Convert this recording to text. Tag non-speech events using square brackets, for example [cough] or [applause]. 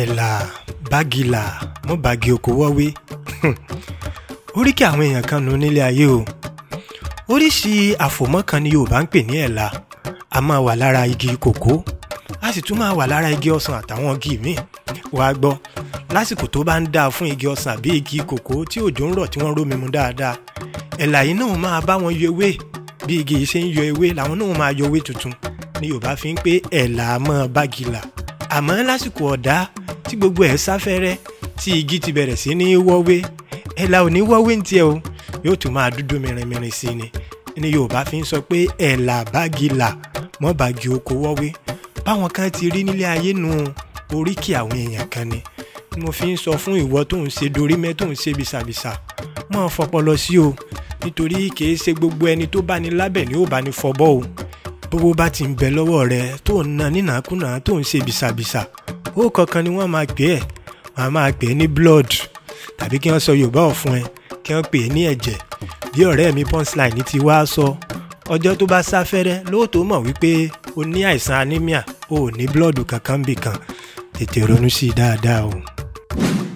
ẹ̀là bagila, mọ́ bagi oko wọ́wé [laughs] oríkì àwọn èèyàn kan nù nílé ayé o oríṣi àfòmọ́ kan ni Yorùbá ń pè ní ẹ̀là a máa wà lára igi kòkó a sì tún máa wà lára igi ọsàn àtàwọn igi míì wàá gbọ́ lásìkò tó bá ń dáa fún igi ọsàn àbí igi kòkó tí òjò ń rọ̀ tí wọ́n rómi mu dáadáa ẹ̀là yìí náà máa bá wọn yọ ewé bí igi yìí ṣe ń yọ ewé làwọn náà máa yọ ewé tuntun ni Yorùbá fi ń pé ẹ̀là máa bágìlà àmọ́ lásìkò ọ̀dá tí gbogbo ẹ̀ sáfẹ́rẹ́ tí igi ti bẹ̀rẹ̀ sí ní wọ́wé ẹ̀là ò ní wọ́wé ní tiẹ̀ o yóò tún máa dúdú mìrìnmìrìn sí ni ni Yorùbá fi ń sọ pé ẹ̀là bági là mọ́ bàgì oko wọ́wé báwọn kan ti rí nílé ayé nu oríkì àwọn èèyàn kan ni mo fi ń sọ fún ìwọ tó ń ṣe dorí mẹ́ tó ń ṣe bisàbisà mọ́ fọpọlọ sí o nítorí kìí ṣe gbogbo ẹni tó bá ní lábẹ́ ni ó bá ní fọbọ́ o bówó bá ti ń bẹ lọ́wọ́ rẹ tó ń na nínàkúnà tó ń ṣe bisabisa ó kankan ni wọ́n máa pè ẹ́ wọ́n máa pè é ní blood tàbí kí wọ́n sọ yorùbá ọ̀fun ẹ kí wọ́n pè é ní ẹ̀jẹ̀ bí ọ̀rẹ́ mi punchline ti wá sọ ọjọ́ tó bá lóòótọ́ mọ̀ wípé o ní àìsàn anemia o ò ní blood kankan bìkan tètè o.